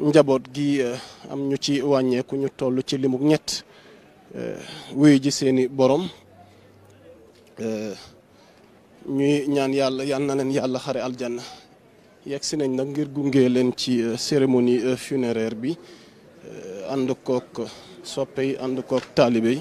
njaboot gi eh, am ñu ci wàññeeku ñu toll ci limuk ñett eh, wuyu ji seeni boroom eh, ñuy ñaan yàlla yal na leen yàlla xare aljanna yegg si nañ nag ngir gunge leen ci cérémonie funéraire bi ànd kook soppe yi kook taalibe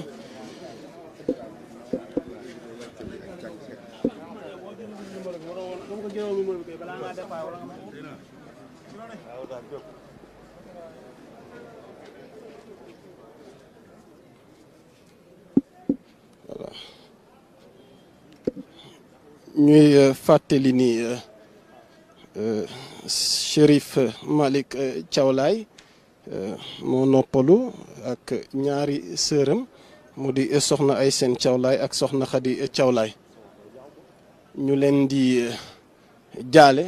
ñuy euh, fàttali ni euh, euh, Chérif malik Thiawlaay moo noppalu ak ñaari sëram mu di soxna ay seen Thiawlaay ak soxna Xadi Thiawlaay ñu leen di jaale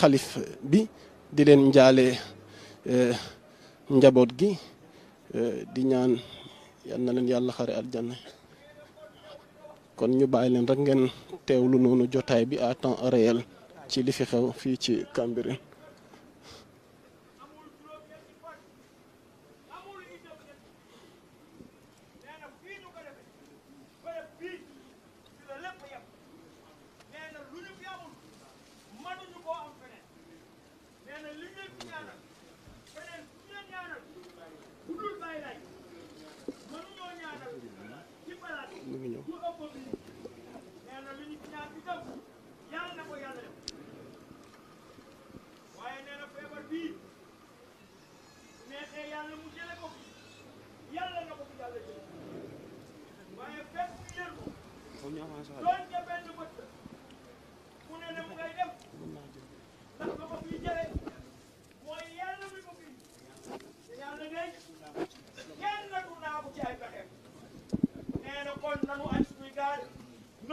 xalif bi di leen njaale njaboot gi di ñaan yal na leen yàlla xare aljanna kon ñu bàyyi leen rek ngeen teewlu noonu jotaay bi à temps réel ci li fi xew fii ci Cambérène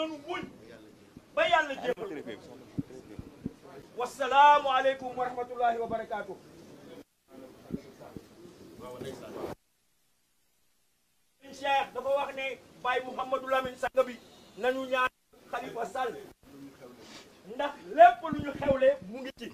doon muñ ba yàlla jéppal wasalaamu aleykum wa rahmatullahi wa barakaatu cheikh dafa wax ne Baye Mouhamadou Lamine Sang bi nañu ñaan Khalifa Sall ndax lépp lu ñu xewle mu ngi ci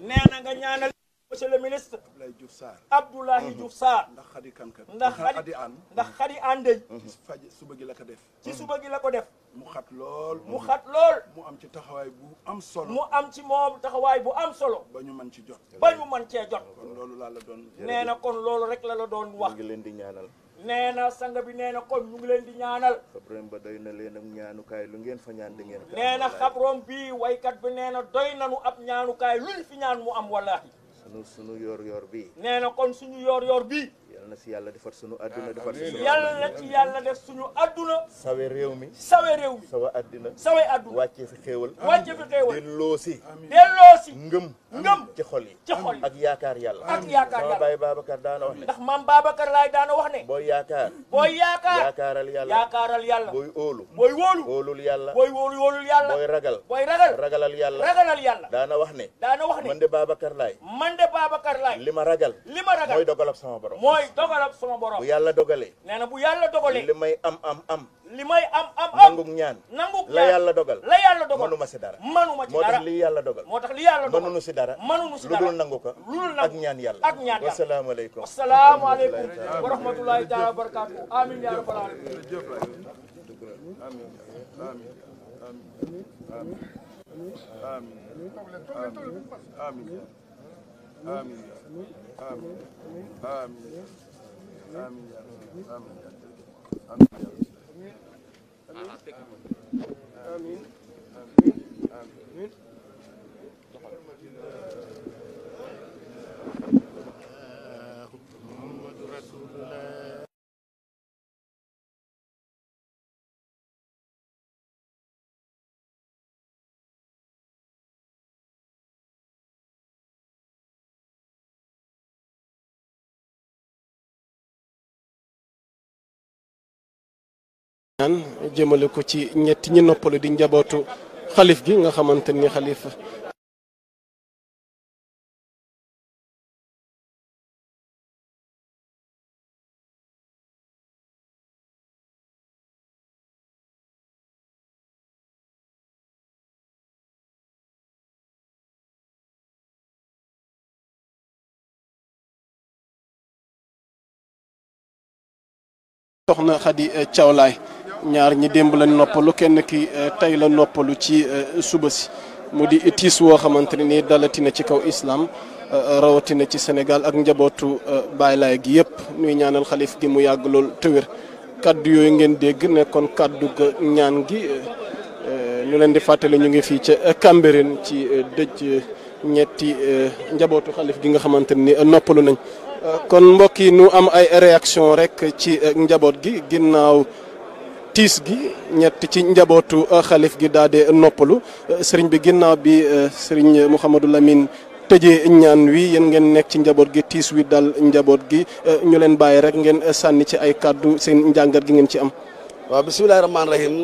nee na nga ñaanal monsieur le ministre Abdoulaye Diouf Sarr Abdoulaye mhm. Diouf Sarr ndax xadi kankat ndax xadi an ndax xadi an day ci faj suba gi la ko def ci mhm. suba gi la ko def mu xat lool mu mhm. xat lool mu am ci taxawaay bu am solo mu am ci moom taxawaay bu am solo ba ñu mën ci jot ba ñu mën cee jot kon loolu laa la doon nee na kon loolu rek la la doon wax ngi leen di ñaanal nee na sang bi nee na kon ñu ngi leen di ñaanal xabroom ba doy na leen ab ñaanukaay lu ngeen fa ñaan da ngeen nee na xabroom bii waykat bi nee na doy nanu ab ñaanukaay luñ fi ñaan mu am wallaahi sunu sunu yor-yor bii. nee na kon suñu yor-yor bii. na si yàlla defar sunu adduna defar si sunu yàlla def sunu adduna sawe réew mi sawe réew mi sawe addina sawe adduna wàccee fi xéewal wàccee fi xéewal delloo ci xol yi ci xol ak yaakaar yàlla ak yaakaar baay Babacar daana wax ne ndax maam Babacar laay daana wax ne booy yaakaar booy yaakaar yaakaaral yàlla ragal booy ragal ragalal yàlla daana wax ne daana wax ne man de Babacar laay man de Babacar laay li ma ragal li ma ragal mooy dogalab sama borom dogalab bu yàlla dogale nee bu yàlla dogalee li may am am am li may am am am nangu ñaan nangu la yàlla dogal la si dara mënuma moo tax yàlla dogal moo tax li yàlla dogal si dara mënunu si dara lu dul nangu ko lu dul nangu ak ñaan yàlla ak ñaan yàlla wasalaamaaleykum wasalaamaaleykum wa rahmatulahi amin ya rabbal amiin amiin ñaan jëmale ko ci ñetti ñi noppalu di njabootu xalif gi nga xamante ni xalif soxna Cawlaay ñaar ñi démb lañ noppalu kenn ki euh, tey la noppalu ci euh, suba si mu di tiis woo xamante ne nii dalatina ci kaw islam euh, rawatina ci Sénégal ak njabootu Baay gi yëpp nuy ñaanal xalif gi mu yàgg lool te kàddu yooyu ngeen dégg kon kàddu ga ñaan gi ñu leen di fàttali ñu ngi fii ca Cambérène ci dëj ñetti njabootu xalif gi nga xamante ni noppalu nañ kon mbokk yi nu am ay réaction rek ci njaboot gi ginnaaw. tiis gi ñett ci njabootu euh, xalif gi daal noppalu euh, sëriñ bi ginnaaw bi euh, sëriñ Mouhamadou Lamine tëjee ñaan wi yéen ngeen nekk ci njaboot gi tiis wi dal njaboot gi ñu leen bàyyi rek ngeen sànni ci ay kaddu seen njàngat gi ngeen ci am. waaw bisimilahi rahmaani rahim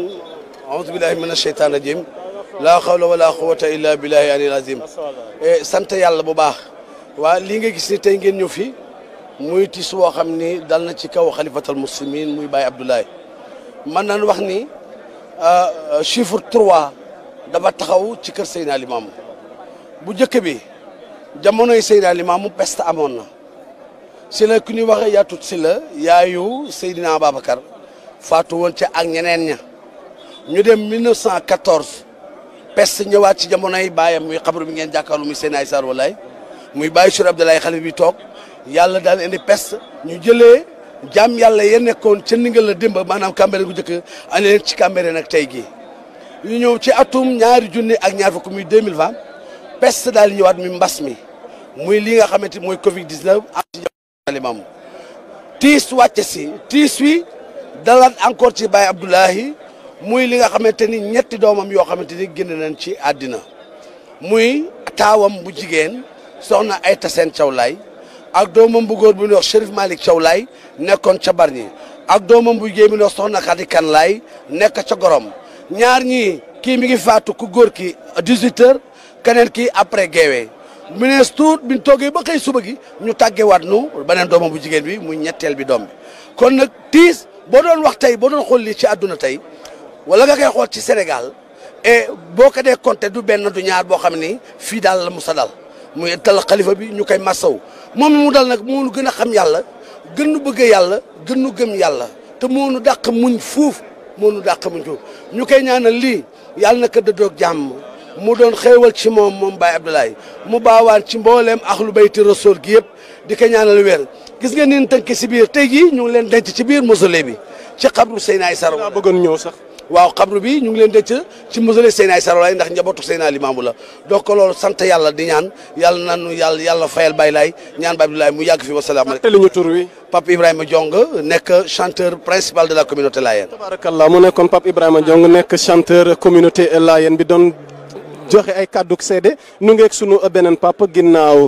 aouzu billahi min asheytaan rajim laa eh, sant yàlla bu baax waa li nga gis ni tey ngeen ñëw fi muy tiis woo xam ni dal na ci kaw xalifatal muslimin muy Baye Abdoulaye man nañ wax ni euh, chiffre trois dafa taxaw ci kër Seydina Limaamu bu njëkk bi jamonoy Seydina mu peste amoon na si la ku ñuy waxee yaa tut si la yaayu Seydina Babacar faatu woon ci ak ñeneen ña ñu dem 1914 peste ñëwaat ci jamonoy baayam muy xabru bi ngeen jàkkaarlu muy Seydina Issa Rohou Laye muy bàyyi sur Abdoulaye xalifa bi toog yàlla daal indi pest ñu jëlee. jam yàlla ya nekkoon ca Ndingala démb maanaam Cambérène gu njëkk a ci Cambérène ak tey gii ñu ñëw ci atum ñaari junni ak ñaar fukk muy 2020 peste daal di ñëwaat mi mbas mi muy li nga xamante mooy Covid 19 am ci jamono tiis wàcce si tiis wi dalaat encore ci bay Abdoulahi muy li nga xamante ni ñetti doomam yoo xamante ni génn nañ ci àddina muy taawam bu jigéen soxna ay Sène Thiaw ak doomam bu góor bu ñuy wax Chérif Malick Thiaw kon nekkoon ca Bargny ak doomam bu jigéen bu ñuy wax Soxna Khady Kane Laye nekk ca Gorom ñaar ñi kii mi ngi faatu ku góor ki 18 heures keneen ki après geewee mu ne tuut bi ñu toogee ba xëy suba gi ñu tàggeewaat nu beneen doomam bu jigéen bi muy ñetteel bi doom bi kon nag tiis boo doon wax tey boo doon xool ci àdduna tey wala nga koy xool ci Sénégal e boo ko dee compté du benn du ñaar boo xam ni fii daal la musa dal muy tal xalifa bi ñu koy massaw moom mi mu dal nag moo nu gën a xam yàlla gën nu bëgg yàlla gën nu gëm yàlla te moo nu dàq muñ fuuf moo nu dàq muñ fuuf ñu koy ñaanal lii yàlla na ko dëddoog jàmm mu doon xéewal ci moom moom Baye Abdoulaye mu baawaan ci mboolem mbooleem axlu bayti rasool gi yëpp di ko ñaanal wér gis nga nin tënk si biir tey jii ñu leen denc ci biir mausolée bi ci xabru Seydina Issa bëggoon ñëw sax waaw xabru bi ñu ngi leen dëcc ci mosale Seydina Issa Rohou Laye ndax njabootu Seydina Limaamu la donc loolu sant yàlla di ñaan yàlla nanu yàlla yàlla fayal Baye Laye ñaan Baye Abdoulaye mu yàgg fi wasalaamaaleykum Pape Ibrahima jong nekk chanteur principal de la communauté Layène. tabarakallah mu nekkoon Pape Ibrahima Diong nekk chanteur communauté Layène bi doon. joxe ay kàdduk seede nu ngeeg sunu beneen papa ginnaaw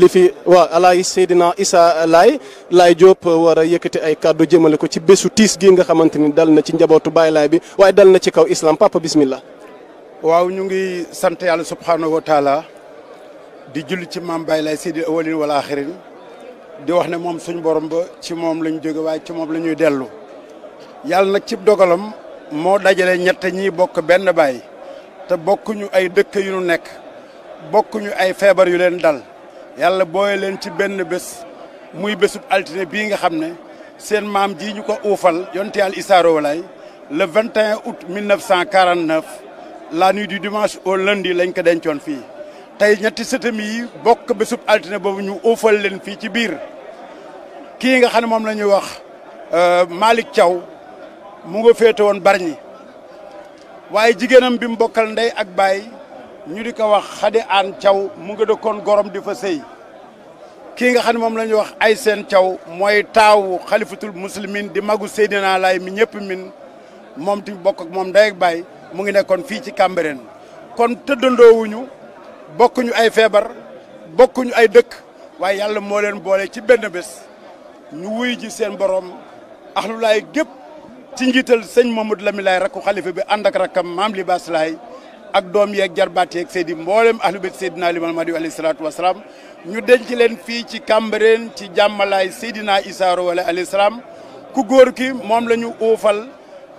li fi waaw alaay Seydina Issa Laye laay Diop war yëkkati ay kàddu jëmale ko ci bésu tiis gii nga xamante ni dal na ci njabootu Baye Laye bi waaye dal na ci kaw islam papa bismillah waaw ñu ngi sant yàlla subhaanahu wa di julli ci maam Baye Laye Seydi awalin wala axirin di wax ne moom suñ borom ba ci moom lañ jóge waaye ci moom la ñuy dellu yàlla nag ci dogalam moo dajale ñett ñiy bokk benn baay te bokkuñu ay dëkk yu nu nekk bokkuñu ay feebar yu leen dal yàlla booye leen ci benn bés muy bésub altine bii nga xam ne seen maam ji ñu ko uufal yonte yàlla Issa Rohou Laye le 21 août 1949 la nuit du dimanche au lundi lañ ko dencoon fii tey ñetti sëtam yi bokk bésub altine boobu ñu uufal leen fii ci biir kii nga xam ne moom la ñuy wax euh, Malick caw mu nga féete woon Bargny waaye jigéenam bi mu bokkal ndey ak baay ñu di ko wax xadi aan caw mu nga dëkkoon gorom di fa sëy kii nga xam ne moom la wax ay seen caw mooy taawu xalifatul muslimin di magu Seydina Laay mi ñëpp min moom ti bokk ak moom ndey ak baay mu ngi nekkoon fii ci Cambérène kon tëddandoowuñu bokkuñu ay feebar bokkuñu ay dëkk waaye yàlla moo leen boole ci benn bés ñu wuy ji seen borom axlulaay gépp ci njiital sëñ Mamadou Lamine Laye rakku xalifa bi ànd ak rakkam maam Libaas Laay ak doom yeeg jarbaat yeeg mboolem ahlu bayt Seydina Limaamu Mahdi alayhi salaatu wasalaam ñu denc leen fii ci Cambérène ci jàmmalaay Seydina Issa Rohou Wala alayhi salaam ku góor ki moom lañu ñu uufal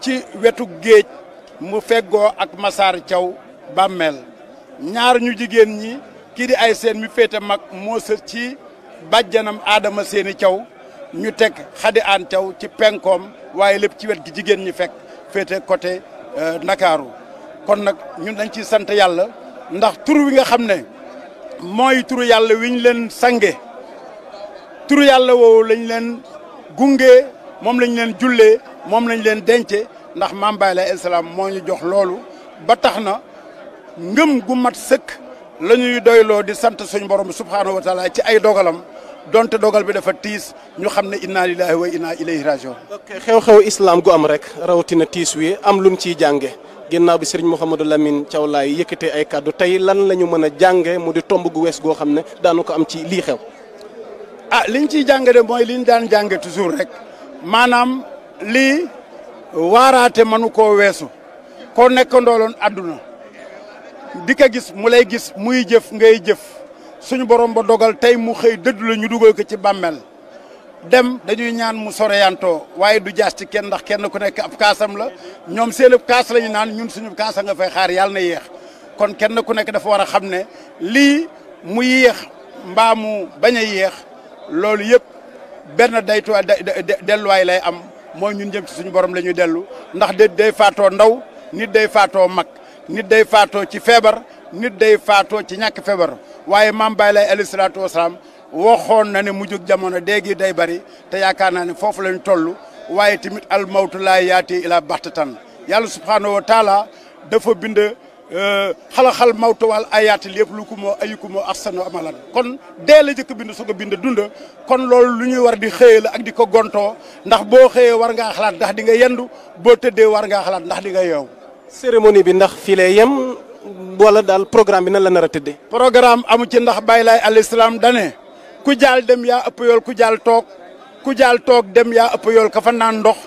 ci wetu géej mu feggo ak Massar caw bàmmeel ñaar ñu jigéen ñi kii ay seen mi féete mag moo ci bàjjanam Adama Seeni caw ñu teg xadi aan tew ci penkoom waaye lépp ci wet gi jigéen ñi fekk féete côté euh, ndakaaru kon nag ñun dañ ci sant yàlla ndax tur wi nga xam ne mooy turu yàlla wiñ leen sange turu yàlla woowu lañ leen gunge moom lañ leen jullee moom lañ leen dence ndax maam Baay alayhi moo ñu jox loolu ba tax na ngëm gu mat sëkk la ñuy doyloo di sant suñu borom subhaanahu wa taala ci ay dogalam donte dogal bi dafa tiis ñu xam ne inna lillahi wa inna ilayhi rajiun ok xew-xew islaam gu am rek rawatina tiis wi am lu mu ciy jànge ginnaaw bi sëriñ Mouhamadou Lamine Thiaw Laay yëkkatee ay tey lan la ñu mën a jànge mu di tomb gu wees goo xam ne daanu ko am ci lii xew ah liñ ciy jànge de mooy liñ daan jànge toujours rek maanaam lii waaraate mënu koo weesu koo nekk ndooloon àdduna di ko gis mu lay gis muy jëf ngay jëf suñu borom ba dogal tey mu xëy dëddu la ñu dugal ko ci bàmmeel dem dañuy ñaan mu soreyantoo waaye du jaas ci kenn ndax kenn ku nekk ab kaasam la ñoom seen kaas la ñu naan ñun suñu kaas nga fay xaar yàlla na yeex kon kenn ku nekk dafa war a xam ne lii mu yéex mbaa mu bañ a yéex loolu yëpp benn daytuwaay delluwaay lay am mooy ñun jëm ci suñu borom la dellu ndax day faatoo ndaw nit day faatoo mag nit day faatoo ci feebar nit day faatoo ci ñàkk feebar waaye maam Baay Laay alayhi salaatu wasalaam xoon na ne mujjug jamono déegi day bari te yaakaar naa ne foofu lañu toll waaye tamit al mawtu laa yaati ila baxtatan yàlla subhaanahu wa taala dafa bind euh, xalaxal mawtu wal ayaati lépp lu ko moo ayu ko moo axsanu amalan kon dee la jëkk bind su ko bind dund kon loolu lu ñuy war di xëyee la ak di ko gontoo ndax boo xëyee war ngaa xalaat ndax di nga yendu boo tëddee war ngaa xalaat ndax di nga yeew wala daal programme bi nan la nar a tëddee. programme amu ci ndax Baye Laye alayhi dane ku jaal dem yaa ëpp yool ku jaal toog ku jaal toog dem yaa ëpp yool ka fa ndox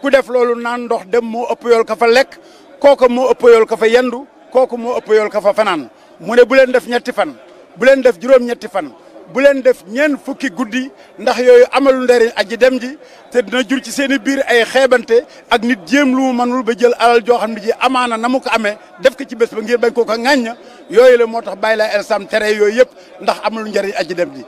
ku def loolu naan ndox dem moo ëpp yool ka fa lekk kooku moo ëpp yool fa yendu kooku moo ëpp yool fa fanaan mu ne bu leen def ñetti fan bu leen def juróom-ñetti fan. bu leen def ñeent fukki guddi ndax yooyu amalu ndariñ aji dem ji te dina jur ci seeni biir ay xeebante ak nit jéem lu mu mënul ba jël alal joo xam ne ji amaana na mu ko amee def ko ci bés ba ngir bañ koo ko ŋàññ yooyu le moo tax bàyyi laa el sam tere yooyu yëpp ndax amalu njariñ aji dem ji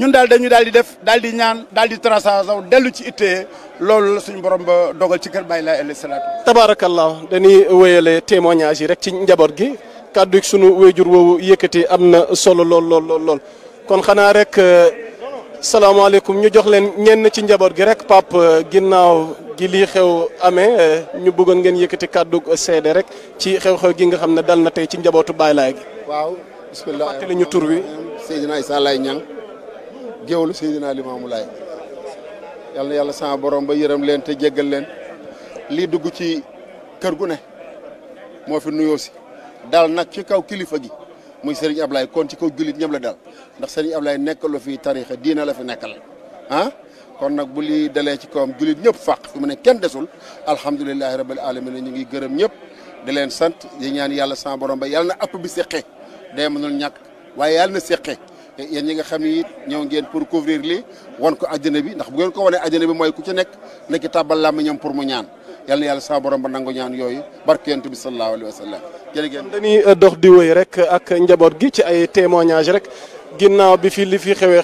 ñun daal dañu daal di def daal di ñaan daal di traçasaw dellu ci ittee loolu la suñu borom ba dogal ci kër bàyyi laa el salaatu tabaarakallah dañuy wéyale témoignage yi rek ci njaboot gi kàddu sunu wéyjur woowu yëkkati am na solo lool lool lool lool kon xanaa rek euh, salaamaaleykum ñu jox leen ñenn ci njaboot gi rek pap euh, ginnaaw gi lii xew ame euh, ñu buggoon ngeen yëkkati kàddu seede rek ci xew-xew gi nga xam ne dal na tey ci njabootu Baay Laay gi. waaw bisimilah fàttali ñu tur wi. Seydina Issa Laye Niang géwlu Seydina Limaamu Laay yal na yàlla sama borom ba yërëm leen te jéggal leen lii dugg ci kër gu ne moo fi nuyoo si dal nag ci kaw kilifa gi. muy Serigne Ablaye kon ci kaw jullit ñoom la dal ndax Serigne Ablaye nekkalu fi tariixa diina la fi nekkal ah kon nag bu li dalee ci kawam jullit ñëpp fàq fi mu ne kenn desul alhamdulilahi rabbil alamin ñu ngi gërëm ñëpp di leen sant di ñaan yàlla sama borom ba yàlla na app bi seqe day mënul ñàkk waaye yàlla na seqe yen ñi nga xam ni ñëw ngeen pour couvrir li wan ko àjjana bi ndax bu ngeen ko wanee àjjana bi mooy ku ci nekk nekk tàbbal ñam pour mu ñaan yalla yalla sa borom ba nangu ñaan yoy barke yonent bi sallallahu alaihi wasallam jere jërëjëf dañi euh, dox di wéy rek ak njabot gi ci ay témoignage rek ginnaw bi fi li fi xewé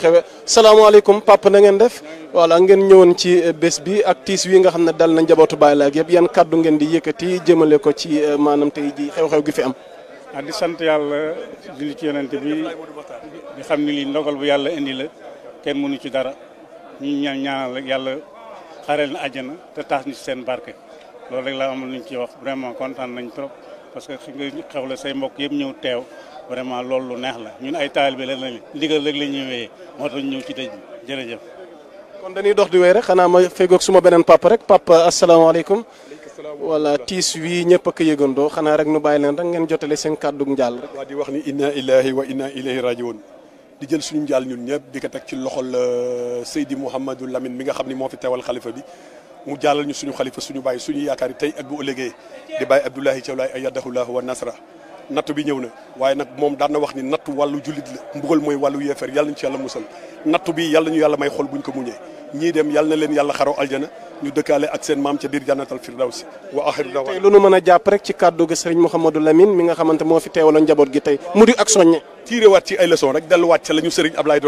assalamu alaykum pap na ngeen def wala ngeen ñewon ci euh, bés bi ak tiis wi nga xamne dal na njabotu Baay Laay yeb yeen kaddu ngeen di yëkëti jëmele ko ci euh, manam tay ji xew-xew gi fi am ah di sant yàlla julli ci yonent bi di xamni li ndogal bu yalla indi la kenn mënu ci dara ñi ñaan ñaanal yalla xarel na aljana te tax ni seen barke loolu rek la am luñ ci wax vraiment kontaan nañ trop parce que fi xewle say mbokk yëpp ñëw teew vraiment loolu lu neex la ñun ay taalibe la lañ ndigal rek lañ ñuy wéyee moo tax ñëw ci dëj bi jërëjëf. kon dañuy dox di wéy rek xanaa ma feggoog suma beneen papa rek papa asalaamaaleykum. wala tiis wii ñëpp ak yëgandoo xanaa rek nu bàyyi leen rek ngeen jotale seen kàddu njaal rek. waa di wax ni inna ilahi wa inna ilayhi rajiun di jël suñu njaal ñun ñëpp di ko teg ci loxol euh, Seydi Mouhamadou Lamine mi nga xam ni moo fi teewal xalifa bi. mu jàllal ñu suñu xalifa suñu bàyyi suñu yaakaar tey ak bu ëllëgee di bàyyi Abdoulahi Thiaw Laye ayyadahullahu wa nasra natt bi ñëw na waaye nag moom daan na wax ni natt wàllu jullit la mbugal mooy wàllu yeefeer yàlla ñu ci yàlla musal natt bi yàlla ñu yàlla may xol buñ ko muñee ñii dem yàlla na leen yàlla xaroo aljana ñu dëkkaale ak seen maam ca biir jannatal firdawsi wa axiru dawa tey lu nu mën a jàpp rek ci kàddu gi sëriñ Mouhamadou nga xamante moo fi teewaloon njaboot gi tey mu di ak soññe tiirewaat ci ay leçon rek delluwaat ca la ñu sëriñ Ablaye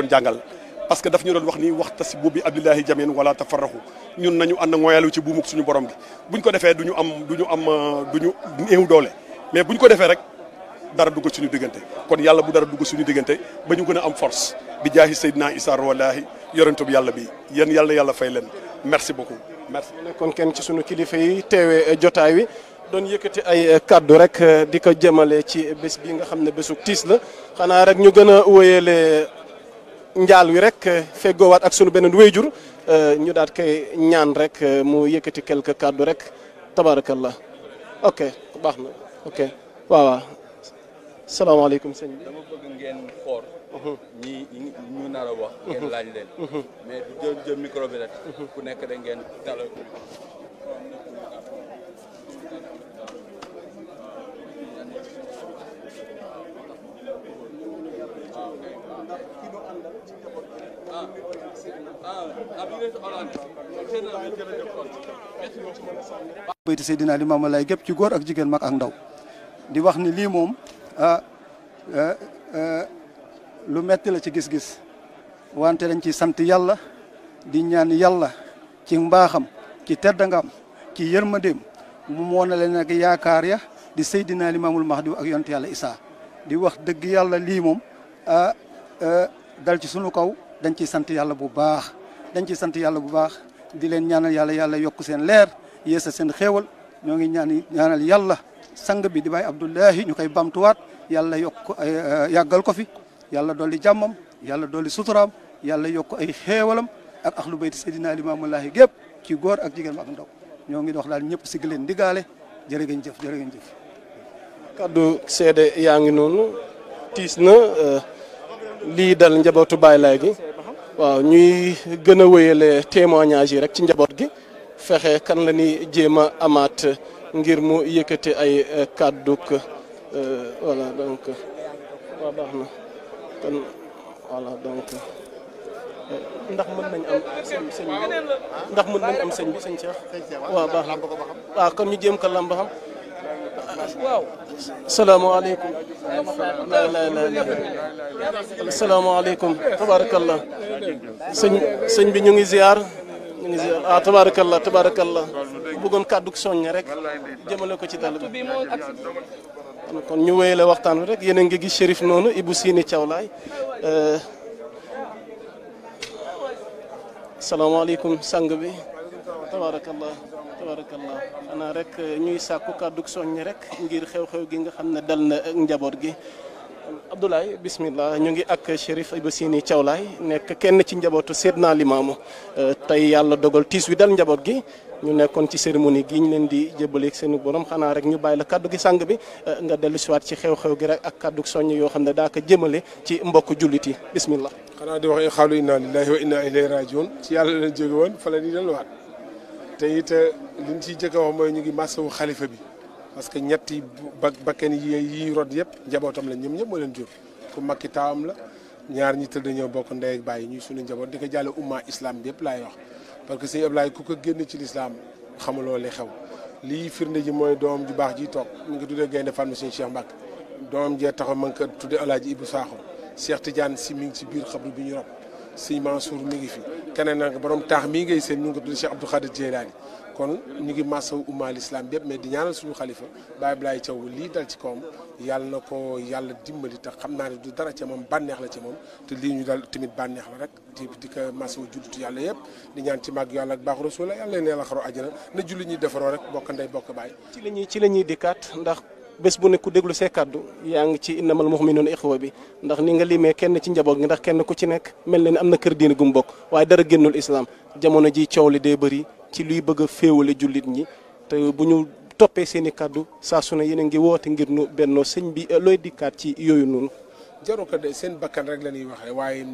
parce que daf ñu doon wax ni waxtasibu bi abdillahi jameen wala tafarraxu ñun nañu ànd ngooyalu ci buumuk suñu borom gi buñ ko defee duñu am duñu am euh, duñu doole mais bu ñu ko defee rek dara dugg suñu diggante kon yàlla bu dara dugg suñu diggante ba ñu gën am force bi jaahi Seydina Issa Rawalaahi yorentub yàlla bi yéen yàlla yàlla fay leen merci beaucoup. merci nekkoon kenn ci suñu kilifa yi teewee euh, jotaay wi doon yëkkati ay euh, kaddu rek di ko jëmale ci bés bi nga xam ne bésu tiis la xanaa rek ñu gën a wéyale njaal wi rek eh, feggoowaat ak sunu beneen wéyjur eh, ñu daat koy ñaan rek eh, mu yëkkati quelque kàddu rek tabarakallah ok baax na ok waaw waaw salaamaaleykum sëñ bi dama bëgg mhm. ñu nar a ngeen laaj leen mhm. mais du jël jël micro mhm. ku nekk da baytu Seydina Limaamu Laay gépp ci góor ak ak ndaw di wax ni lii moom ah, ah, ah, lu metti la ci gis-gis wante dañ ci sant yàlla di ñaan yàlla ci mbaaxam ci teddangam ci yërmandeem mu na ya di Seydina Limaamul Mahdi ak yonent yàlla Isa di wax dëgg yàlla lii moom dal ci sunu kaw dañ ciy sant yàlla bu baax dañ ciy sant yàlla bu baax di leen ñaanal yàlla yàlla yokk seen leer yeesa seen xeewal ñoo ngi ñaan ñaanal yàlla sang bi di bàyyi Abdullahi ñu koy bamtuwaat yàlla yokk eh, yàggal ko fi yàlla dolli jàmmam yàlla dolli suturaam yàlla yokk ay xéewalam ak ahlu bayti Seydina Limaamu Laahi gépp ci góor ak jigéen ak ndaw ñoo ngi dox daal ñëpp si leen digaale jërë ngeen jëf jërë jëf. kaddu seede yaa ngi noonu tiis na. Eh, lii dal njabootu baay Laye gi waaw ñuy gën a wéyale témoignage yi rek ci njaboot gi fexe kan la ñuy jéem a amaat ngir mu yëkkati ay eh, kàdduk eh, voilà donc waaw baax na kon voilà donc eh, ndax mën nañ am sëñ sëñ ndax bi sëñ baax na waaw ah, kon ñu jéem ko làmb xam waaw salaamaaleykum salaamaaleykum tabarakallah sëñ sëñ bi ñu ngi ziar ah tabarakallah tabarakallah bëggoon kàddu soññ rek jëmale ko ci dal bi kon ñu wéyale waxtaan rek yéen a ngi gis Chérif Ibou Sini Thiawlaay salaamaaleykum sang bi tabarakallah tabarakallah xanaa rek eh, ñuy sàkku kàddu soññi rek ngir xew-xew gi nga xam ne dal ak njaboot gi Abdoulaye bismillah ñu ngi ak Chérif Ibasini Thiawlaay nekk kenn ci njabootu Seydina Limaamu eh, tey yàlla dogal tiis wi dal njaboot gi ñu nekkoon ci cérémonie gi ñu leen di jébbaleeg seen borom xanaa rek ñu bàyyi la kàddu gi sàng bi eh, nga dellu si waat ci xew-xew gi rek ak kàddu soññ yoo xam ne daa ko jëmale ci mbokk jullit yi bismillah xanaa di wax xaalu inna lillahi wa inna ilayhi rajiun ci yàlla leen jóge woon fa la ñuy delluwaat te it euh, li ñu ciy jëkk a wax mooy ñu ngi massawu xalifa bi parce que ñetti ba bakkan yi yi rod yëpp njabootam la ñëm ñëpp moo leen jur ku mag ki taawam la ñaar ñi tëdd ñoo bokk ndey ak bàyyi ñuy suñu njaboot di ko jàlle umma islam bi yëpp laay wax parce que sëñ Ablaye ku ko génn ci lislaam xamuloo li xew lii firnde ji mooy doom ju baax ji toog mu ngi tuddee gaynde Fatma sëñ Cheikh doom jee taxaw ma ngi ko tuddee Alaaji Ibu Saaxo Cheikh Tidiane si mi ngi si biir xabru bi ñu sëñ Mansour mi ngi fi keneen nag borom taax mii ngay seen ñu ngi ko tudd Cheikh Abdou Khadir Jeylaani kon ñu ngi massawu umma lislaam bépp mais di ñaanal suñu xalifa Baye Blay Thiaw lii dal ci kawam yàlla na ko yàlla dimbali xam naa ne du dara ca moom bànneex la ci moom te lii ñu dal tamit bànneex la rek di di ko massawu jullitu yàlla yëpp di ñaan ci màgg yàlla ak baax rasul yàlla nee la xaroo àjjana na julli ñuy defaroo rek bokk ndey bokk baay. ci la dikkaat bés bu ne ku déglu see kàddu yaa ngi ci moo innamal mu'minuuna ixwa bi ndax ni nga limee kenn ci njaboot gi ndax kenn ku ci nekk mel na ni am na kër diine gu bokk waaye dara génnul islaam jamono ji coow li day bëri ci luy bëgg a féewale jullit ñi te bu ñu toppee seen i kàddu saa su ne yéen a ngi woote ngir nu bennoo sëñ bi eh, looy dikkaat ci yooyu noonu. jaru de seen bakkan rek la ñuy waxee waaye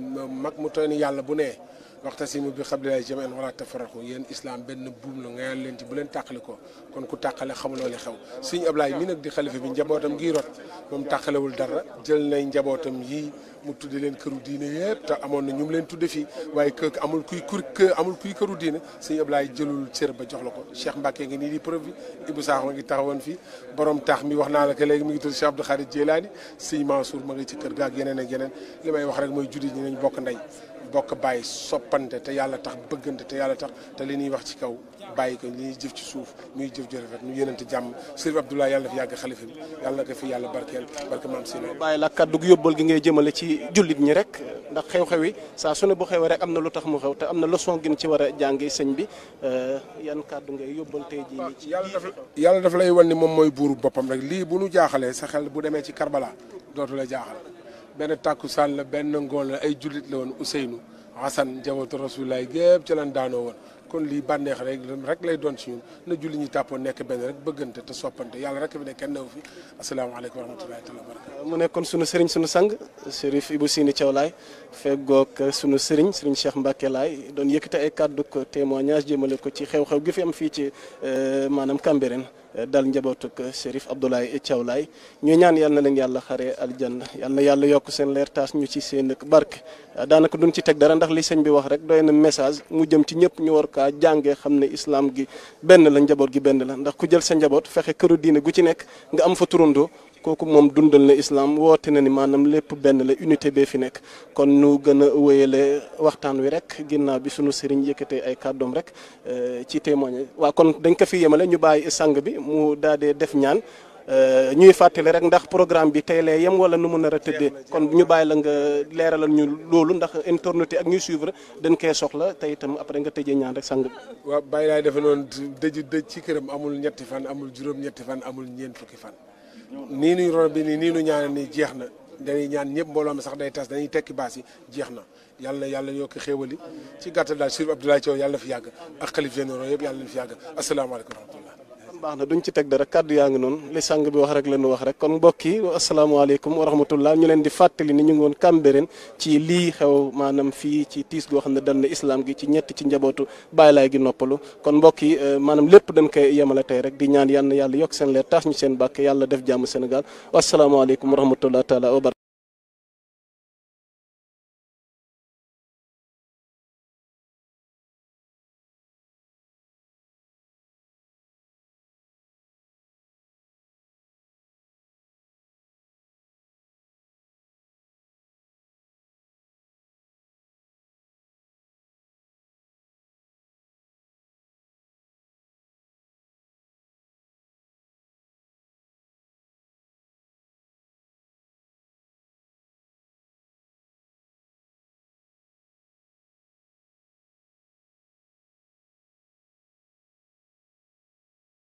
mag mu toll ni yàlla bu nee. waxtasimu bi xablilaay jami'an wala tafarraqu yéen islam benn buum la nga leen ci bu leen tàqali ko kon ku tàqale xamuloo li xew suñu Ablaay mi nag di xalifa bi njabootam gii rot moom tàqalewul dara jël nay njabootam yii mu tudde leen këru diine yëpp te amoon na ñu mu leen tudde fii waaye kër amul kuy kur amul kuy këru diine suñu Ablaay jëlul cër ba jox la ko Cheikh Mbacke ngi nii di preuve bi Ibou Sakho ma ngi taxawoon fii borom tax mi wax naa la ko léegi mi ngi tudd Cheikh Abdou Khadir Jelaani sëñ Mansour ma ngi ci kër ga ak yeneen ak yeneen li may wax rek mooy juddi ñi nañ bokk ndey bokk bàyyi soppante te yàlla tax bëggante te yàlla tax te li nuy wax ci kaw bàyyi ko li ñuy jëf ci suuf muy jëf ju rafet ñu yéenante jàmm Sëriñ Abdoulaye yàlla fi yàgg xalifa bi yàlla yàlla barkeel barke maam si bàyyi la kàddu gu gi ngay jëmale ci jullit ñi rek ndax xew-xew yi saa su ne bu xewee rek am na lu tax mu xew te am na leçon gin ci war a jàngi sëñ bi euh, yan kàddu ngay yóbbal ci yàlla daf lay wan ni moom mooy buuru boppam rek lii bu nu jaaxalee sa xel bu demee ci Karbala dootu la jaaxal benn tàkkusaan la benn ngoon la ay jullit la woon Ousseynou Hassan jabootu Rasulullaay gépp ci lan daanoo woon kon lii bànneex rek rek lay doon ci ñun na julli ñi tàppoo nekk benn rek bëggante te soppante yàlla rek fi ne kenn newu fi asalaamaaleykum wa rahmatulahi taala barakaatu mu nekkoon sunu sëriñ sunu sang Chérif Ibou Sini Thiaw Laye feggoog sunu sëriñ sëriñ Cheikh Mbacke Laye doon yëkkate ay kàddu ko témoignage jëmale ko ci xew-xew gi fi am fii ci eh, maanaam Cambérène dal njabootuk Chérif Abdoulaye Thiaw Laye ñu ñaan yal na leen yàlla xare aljanna yal na yàlla yokk seen leer taas ñu ci seen bark daanaka duñ ci teg dara ndax li sëñ bi wax rek doy na message mu jëm ci ñëpp ñu war kaa jàngee xam ne islam gi benn la njaboot gi benn la ndax ku jël sa njaboot fexe këru diine gu ci nekk nga am fa turandoo kooku moom dundal na islam woote na ni maanaam lépp benn la unité bee fi nekk kon nu gën a wéyale waxtaan wi rek ginnaaw bi sunu sëriñ yëkkatee ay kàddoom rek eh, ci témoignage waa kon dañ ko fi yemale ñu bàyyi sang bi mu daal dee def ñaan eh, ñuy fàttali rek ndax programme bi tey lee yem wala nu mu nar a tëddee kon ñu bàyyi la nga leeralal ñu loolu ndax internet ak ñuy suivre dañ koy soxla te itam après nga tëjee ñaan rek sang bi. waaw bàyyi laay defe noonu dëj dëj ci këram amul ñetti fan amul juróom-ñetti amul ñeent fukki fan. nii nuy rono bi nii nii nu ñaana nii jeex na dañuy ñaan ñëpp mbooloo mi sax day tas dañuy tekki baas yi jeex na yàlla na yàlla yokk xéewali ci gàttal daal Chérif Abdoulaye Thiaw yàlla na fi yàgg ak xalif généraux yëpp yàlla na fi yàgg asalaamaaleykum wa rahmatullah baax na duñ ci teg dara kàddu yaa ngi noonu li sang bi wax rek leen wax rek kon mbokk yi asalaamaaleykum wa ñu leen di fàttali ni ñu ngi woon Cambérène ci lii xew maanaam fii ci tiis goo xam ne dal na islam gi ci ñett ci njabootu bàyyi laay gi noppalu kon mbokk yi euh, maanaam lépp dañ koy yemale tey rek di ñaan yann yàlla yokk seen leer tax ñu seen bàkk yàlla def jàmm Sénégal wasalaamaaleykum wa rahmatullah taala wa